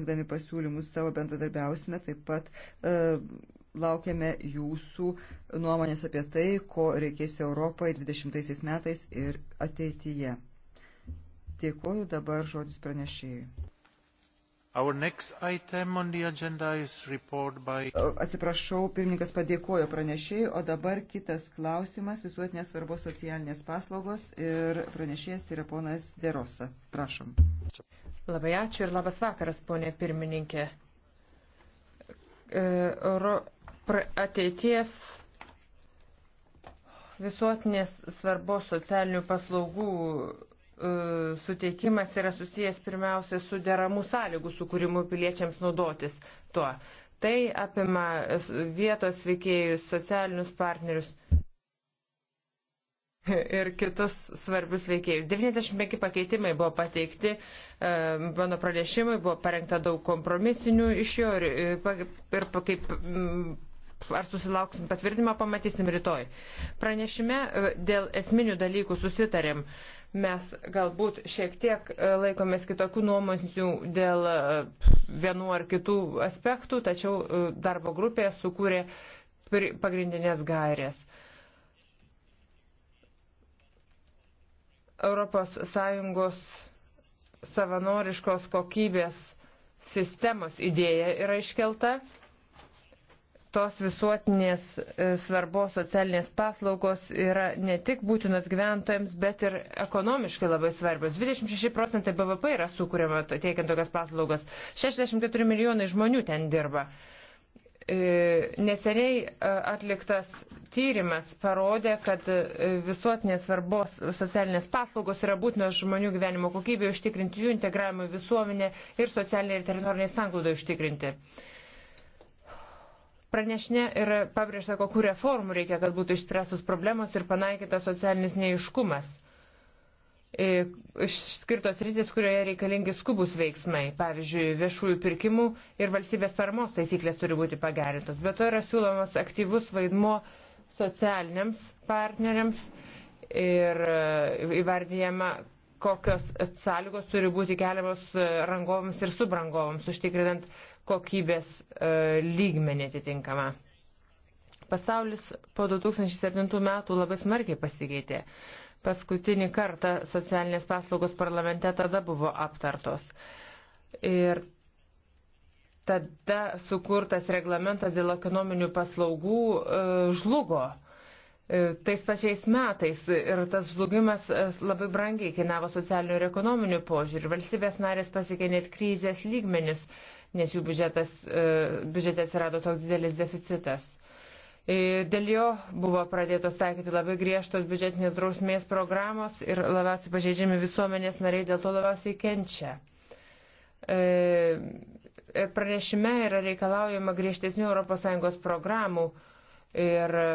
rengdami pasiūlymus savo bendradarbiausime, taip pat e, laukiame jūsų nuomonės apie tai, ko reikės Europai 20 metais ir ateityje. Dėkuoju dabar žodis pranešėjui. By... E, atsiprašau, pirmininkas padėkojo pranešėjai, o dabar kitas klausimas visuotinės svarbos socialinės paslaugos ir pranešėjas yra ponas Derosa. Prašom. Čia. Labai ačiū ir labas vakaras, ponė pirmininkė. Euro ateities visuotinės svarbos socialinių paslaugų e, suteikimas yra susijęs pirmiausia su deramų sąlygų sukūrimu piliečiams naudotis tuo. Tai apima vietos veikėjus, socialinius partnerius ir kitus svarbius veikėjus. 95 pakeitimai buvo pateikti, e, mano pranešimai buvo parengta daug kompromisinių iš jo ir, ir kaip. Mm, ar susilauksim patvirtinimą, pamatysim rytoj. Pranešime e, dėl esminių dalykų susitarėm. Mes galbūt šiek tiek e, laikomės kitokių nuomonių dėl vienų ar kitų aspektų, tačiau darbo grupė sukūrė pagrindinės gairės. ES savanoriškos kokybės sistemos idėja yra iškelta. Tos visuotinės e, svarbos socialinės paslaugos yra ne tik būtinas gyventojams, bet ir ekonomiškai labai svarbios. 26 procentai BVP yra sukūrėma teikiant tokias paslaugas. 64 milijonai žmonių ten dirba. E, neseniai e, atliktas tyrimas parodė, kad e, visuotinės svarbos socialinės paslaugos yra būtinos žmonių gyvenimo kokybė užtikrinti jų integravimą į visuomenę ir socialinę ir teritorinę sanglaudą užtikrinti. Pranešinė ir pabrėžta, kokiu reformų reikia, kad būtų išspręstos problemos ir panaikytas socialinis neiškumas. E, išskirtos rytis, kurioje reikalingi skubus veiksmai. Pavyzdžiui, viešųjų pirkimų ir valstybės paramos taisyklės turi būti pagerintos. Bet to yra siūlomas aktyvus vaidmo socialiniams partneriams ir e, įvardyjama, kokios sąlygos turi būti keliamos e, rangovams ir subrangovams, užtikrinant kokybės lygmenį atitinkamą pasaulis po 2007 metų labai smarkiai pasikeitė. Paskutinį kartą socialinės paslaugos parlamente tada buvo aptartos. Ir tada sukurtas reglamentas dėl ekonominių paslaugų e, žlugo e, tais pačiais metais ir tas žlugimas e, labai brangiai kainavo socialinių ir ekonominių požiūrį. Valstybės narės pasiekė net krizės lygmenis, nes jų biudžetas, biudžete atsirado toks didelis deficitas. Dėl jo buvo pradėtos taikyti labai griežtos biudžetinės drausmės programos ir labiausiai pažeidžiami visuomenės nariai dėl to labiausiai kenčia. E, pranešime yra reikalaujama griežtesnių ES programų ir e,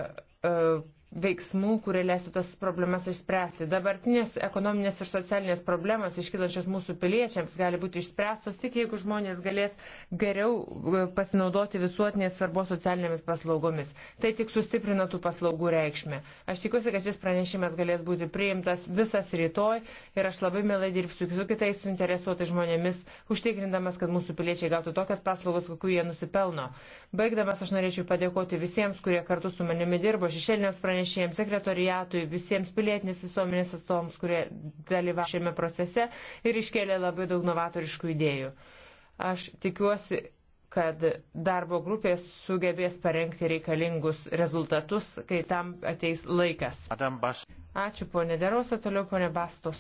veiksmų, kurie leistų tas problemas išspręsti. Dabartinės ekonominės ir socialinės problemos iškilančios mūsų piliečiams gali būti išspręstos tik jeigu žmonės galės geriau e, pasinaudoti visuotinės svarbos socialinėmis paslaugomis. Tai tik sustiprina tų paslaugų reikšmę. Aš tikiuosi, kad šis pranešimas galės būti priimtas visas rytoj ir aš labai mielai dirbsiu su kitais suinteresuotais žmonėmis, užtikrindamas, kad mūsų piliečiai gautų tokias paslaugas, kokių jie nusipelno. Baigdamas aš norėčiau padėkoti visiems, kurie kartu su manimi dirbo šešėlinės pranešimas pranešėjams, sekretoriatui, visiems pilietinės visuomenės atstovams, kurie dalyvavo šiame procese ir iškėlė labai daug novatoriškų idėjų. Aš tikiuosi, kad darbo grupės sugebės parengti reikalingus rezultatus, kai tam ateis laikas. Ačiū ponė Derosa, toliau ponė Bastos.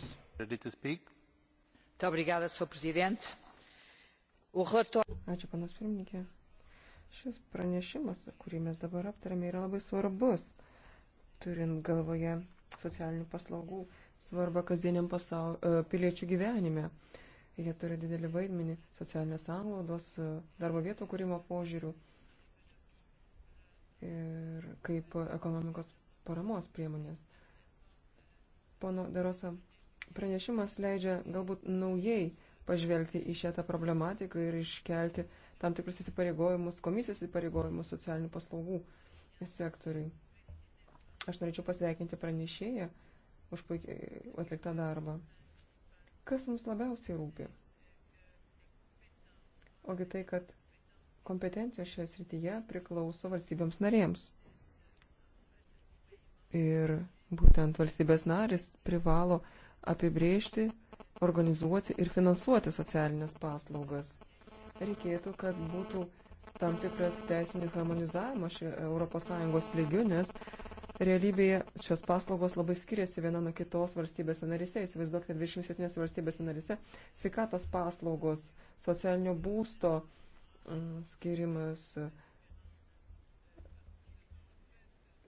Ačiū panas pirmininkė. Šis pranešimas, kurį mes dabar aptarėme, yra labai svarbus turint galvoje socialinių paslaugų svarbą kasdieniam pasau, e, piliečių gyvenime. Jie turi didelį vaidmenį socialinės sąnaudos, e, darbo vietų kūrimo požiūrių ir kaip ekonomikos paramos priemonės. Pono Derosa pranešimas leidžia galbūt naujai pažvelgti į šią tą problematiką ir iškelti tam tikrus įsipareigojimus, komisijos įsipareigojimus socialinių paslaugų sektoriui. Aš norėčiau pasveikinti pranešėją už puikiai atliktą darbą. Kas mums labiausiai rūpi? Ogi tai, kad kompetencijos šioje srityje priklauso valstybėms narėms. Ir būtent valstybės narės privalo apibrėžti, organizuoti ir finansuoti socialinės paslaugas. Reikėtų, kad būtų tam tikras teisinis harmonizavimas ES lygių, nes Realybėje šios paslaugos labai skiriasi viena nuo kitos valstybės narise. Įsivaizduokite, 27 valstybės narise sveikatos paslaugos, socialinio būsto mm, skirimas e,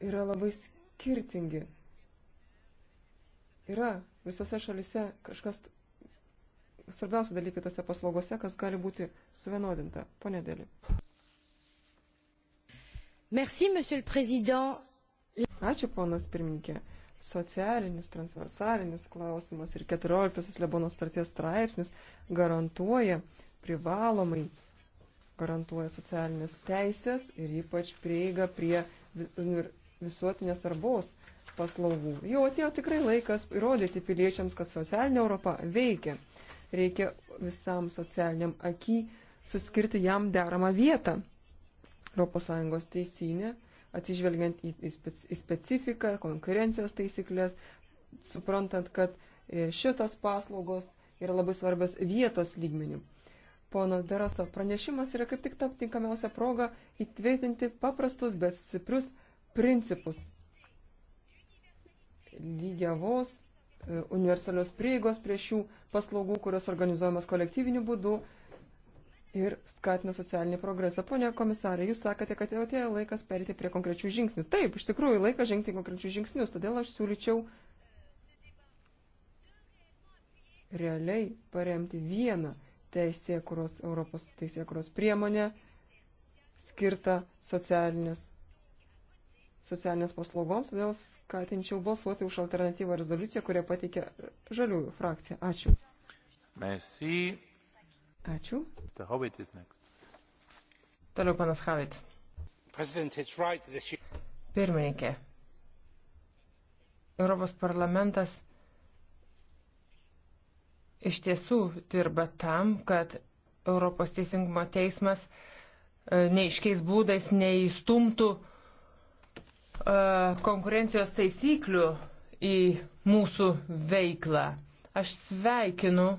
yra labai skirtingi. Yra visose šalise kažkas svarbiausia dalykai tose paslaugose, kas gali būti suvienodinta. Pone Dėlį. Merci, monsieur le président. Ačiū, ponas pirmininkė. Socialinis, transversalinis klausimas ir 14 Lebono starties straipsnis garantuoja privalomai garantuoja socialinės teisės ir ypač prieiga prie visuotinės svarbos paslaugų. Jau atėjo tikrai laikas įrodyti piliečiams, kad socialinė Europa veikia. Reikia visam socialiniam aky suskirti jam deramą vietą. ES teisinė atsižvelgiant į, į, į specifiką, konkurencijos taisyklės, suprantant, kad e, šitos paslaugos yra labai svarbios vietos lygmenių. Pono Deraso pranešimas yra kaip tik ta tinkamiausia proga įtvirtinti paprastus, bet stiprius principus. Lygiavos, e, universalios prieigos prie šių paslaugų, kurios organizuojamas kolektyviniu būdu ir skatina socialinį progresą. Pone komisarai, jūs sakėte, kad jau atėjo laikas perėti prie konkrečių žingsnių. Taip, iš tikrųjų, laikas žengti konkrečius žingsnius, todėl aš siūlyčiau realiai paremti vieną teisėkuros, Europos teisėkuros priemonę skirtą socialinės, socialinės paslaugoms, todėl skatinčiau balsuoti už alternatyvą rezoliuciją, kurią pateikė žaliųjų frakcija. Ačiū. Merci. Ačiū. Toliau panas Havit. Pirmininkė. Europos parlamentas iš tiesų dirba tam, kad Europos teisingumo teismas e, neiškiais būdais neįstumtų e, konkurencijos taisyklių į mūsų veiklą. Aš sveikinu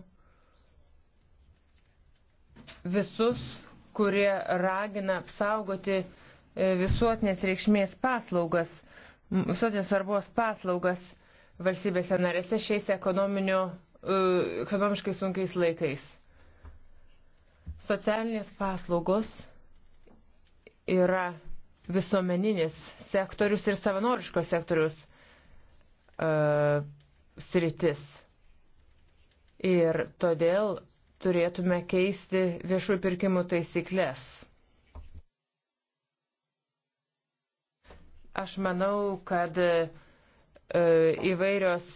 visus, kurie ragina apsaugoti e, visuotinės reikšmės paslaugas, visuotinės svarbos paslaugas valstybėse narėse šiais e, ekonomiškai sunkiais laikais. Socialinės paslaugos yra visuomeninis sektorius ir savanoriško sektorius uh, sritis. Ir todėl turėtume keisti viešųjų pirkimų taisyklės. Aš manau, kad e, įvairios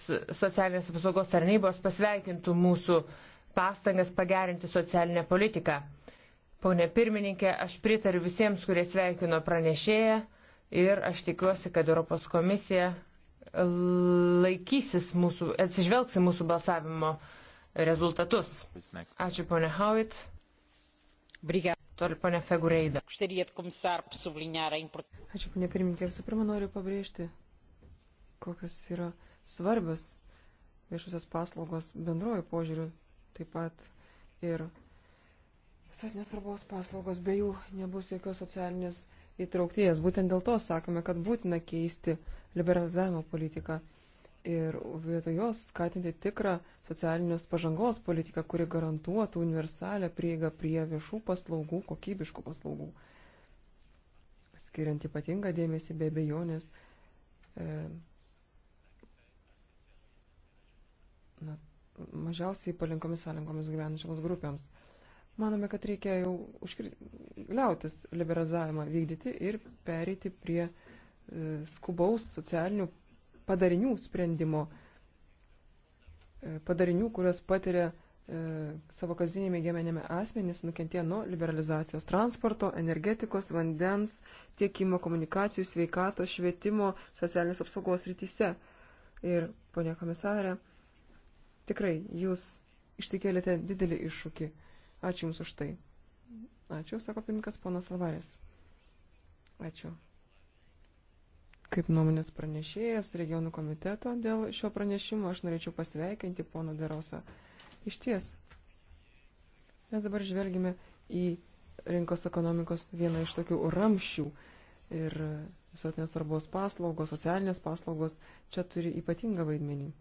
socialinės apsaugos tarnybos pasveikintų mūsų pastangas pagerinti socialinę politiką. Pone pirmininkė, aš pritariu visiems, kurie sveikino pranešėją ir aš tikiuosi, kad Europos komisija laikysis mūsų, atsižvelgsi mūsų balsavimo uh, rezultatus. Ačiū ponė Howitt. Brigia. Toliau ponė Fegureida. Ačiū ponė pirmininkė. Visų pirma noriu pabrėžti, kokios yra svarbios viešusios paslaugos bendrojo požiūriu, taip pat ir visuotinės svarbos paslaugos, be jų nebus jokios socialinės įtraukties. Būtent dėl to sakome, kad būtina keisti liberalizavimo politiką ir vietoj jos skatinti tikrą socialinės pažangos politiką, kuri garantuotų universalę prieigą prie viešų paslaugų, kokybiškų paslaugų. Skiriant ypatingą dėmesį be abejonės e, na, mažiausiai palinkomis sąlygomis gyvenančiams grupėms. Manome, kad reikia jau užkri... liautis liberalizavimą vykdyti ir pereiti prie e, skubaus socialinių padarinių sprendimo, e, padarinių, kurias patiria e, savo kasdienėme gyvenime asmenys nukentėjo nuo liberalizacijos transporto, energetikos, vandens, tiekimo, komunikacijų, sveikatos, švietimo, socialinės apsaugos rytise. Ir, ponia komisarė, tikrai jūs išsikėlėte didelį iššūkį. Ačiū Jums už tai. Ačiū, sako pirmininkas ponas Lavarės. Ačiū. Kaip nuomonės pranešėjas regionų komiteto dėl šio pranešimo aš norėčiau pasveikinti pono Derosą. Iš ties, mes dabar žvelgime į rinkos ekonomikos vieną iš tokių ramščių ir visuotinės svarbos paslaugos, socialinės paslaugos čia turi ypatingą vaidmenį.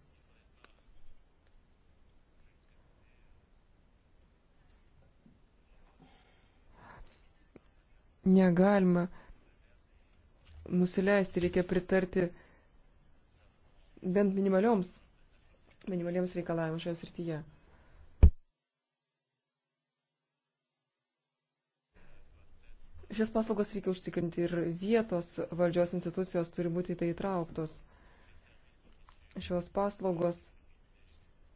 Negalima nusileisti, reikia pritarti bent minimalioms, minimaliems reikalavimams šioje srityje. Šias paslaugas reikia užtikrinti ir vietos valdžios institucijos turi būti tai įtrauktos. Šios paslaugos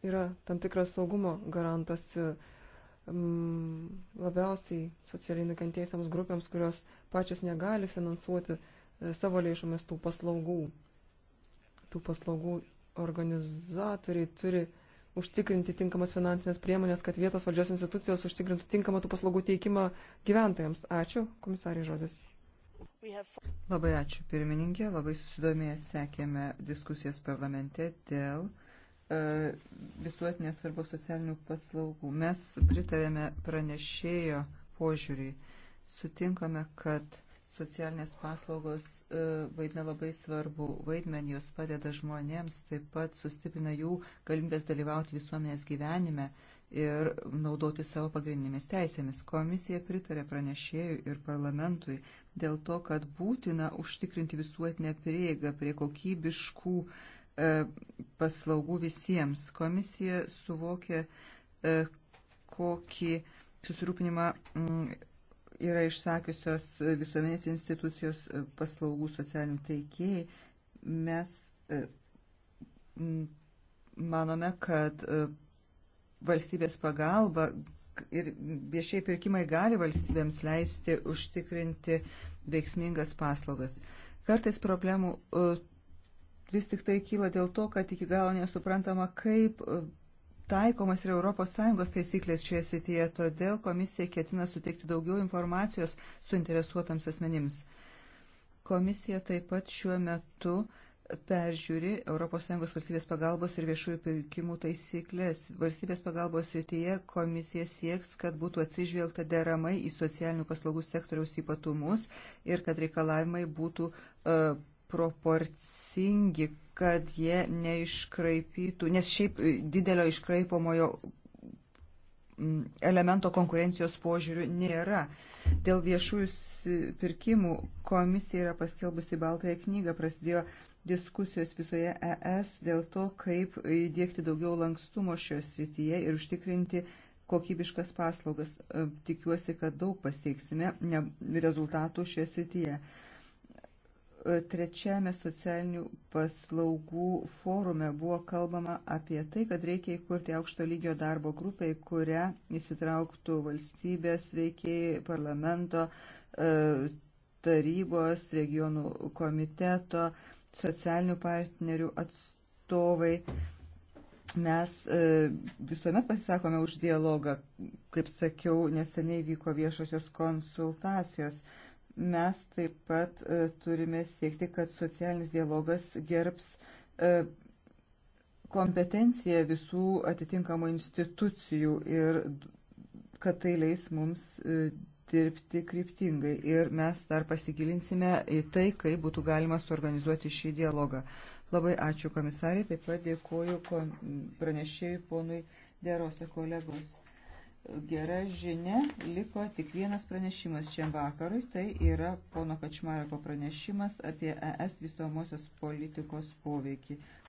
yra tam tikras saugumo garantas mm, labiausiai socialiai nukentėjusiams grupėms, kurios pačios negali finansuoti uh, savo lėšomis tų paslaugų. Tų paslaugų organizatoriai turi užtikrinti tinkamas finansinės priemonės, kad vietos valdžios institucijos užtikrintų tinkamą tų paslaugų teikimą gyventojams. Ačiū, komisarė žodis. Labai ačiū, pirmininkė. Labai susidomėję sekėme diskusijas parlamente dėl e, visuotinės svarbos socialinių paslaugų. Mes pritarėme pranešėjo požiūrį. Sutinkame, kad socialinės paslaugos e, vaidina labai svarbu vaidmenį, jos padeda žmonėms, taip pat sustiprina jų galimybės dalyvauti visuomenės gyvenime ir naudoti savo pagrindinėmis teisėmis. Komisija pritarė pranešėjui ir parlamentui dėl to, kad būtina užtikrinti visuotinę prieigą prie kokybiškų e, paslaugų visiems. Komisija suvokė, e, kokį susirūpinimą yra išsakiusios visuomenės institucijos e, paslaugų socialinių teikėjai, mes e, manome, kad e, valstybės pagalba ir viešieji pirkimai gali valstybėms leisti užtikrinti veiksmingas paslaugas. Kartais problemų vis tik tai kyla dėl to, kad iki galo nesuprantama, kaip taikomas ir ES taisyklės šioje srityje, todėl komisija ketina suteikti daugiau informacijos suinteresuotams asmenims. Komisija taip pat šiuo metu peržiūri ES valstybės pagalbos ir viešųjų pirkimų taisyklės. Valstybės pagalbos srityje komisija sieks, kad būtų atsižvelgta deramai į socialinių paslaugų sektoriaus ypatumus ir kad reikalavimai būtų uh, proporcingi, kad jie neiškraipytų, nes šiaip e, didelio iškraipomojo elemento konkurencijos požiūrių nėra. Dėl viešųjų pirkimų komisija yra paskelbusi Baltąją knygą, prasidėjo diskusijos visoje ES dėl to, kaip įdėkti daugiau lankstumo šioje srityje ir užtikrinti kokybiškas paslaugas. E, tikiuosi, kad daug pasieksime rezultatų šioje srityje. Trečiame socialinių paslaugų forume buvo kalbama apie tai, kad reikia įkurti aukšto lygio darbo grupę, į kurią įsitrauktų valstybės veikiai, parlamento, e, tarybos, regionų komiteto, socialinių partnerių atstovai. Mes e, visuomet pasisakome už dialogą, kaip sakiau, neseniai vyko viešosios konsultacijos. Mes taip pat e, turime siekti, kad socialinis dialogas gerbs e, kompetenciją visų atitinkamų institucijų ir kad tai leis mums e, dirbti kryptingai. Ir mes dar pasigilinsime į tai, kaip būtų galima suorganizuoti šį dialogą. Labai ačiū komisariai, taip pat dėkoju pranešėjui ponui Derose kolegos gera žinia, liko tik vienas pranešimas šiam vakarui, tai yra pono Kačmareko pranešimas apie ES visomosios politikos poveikį.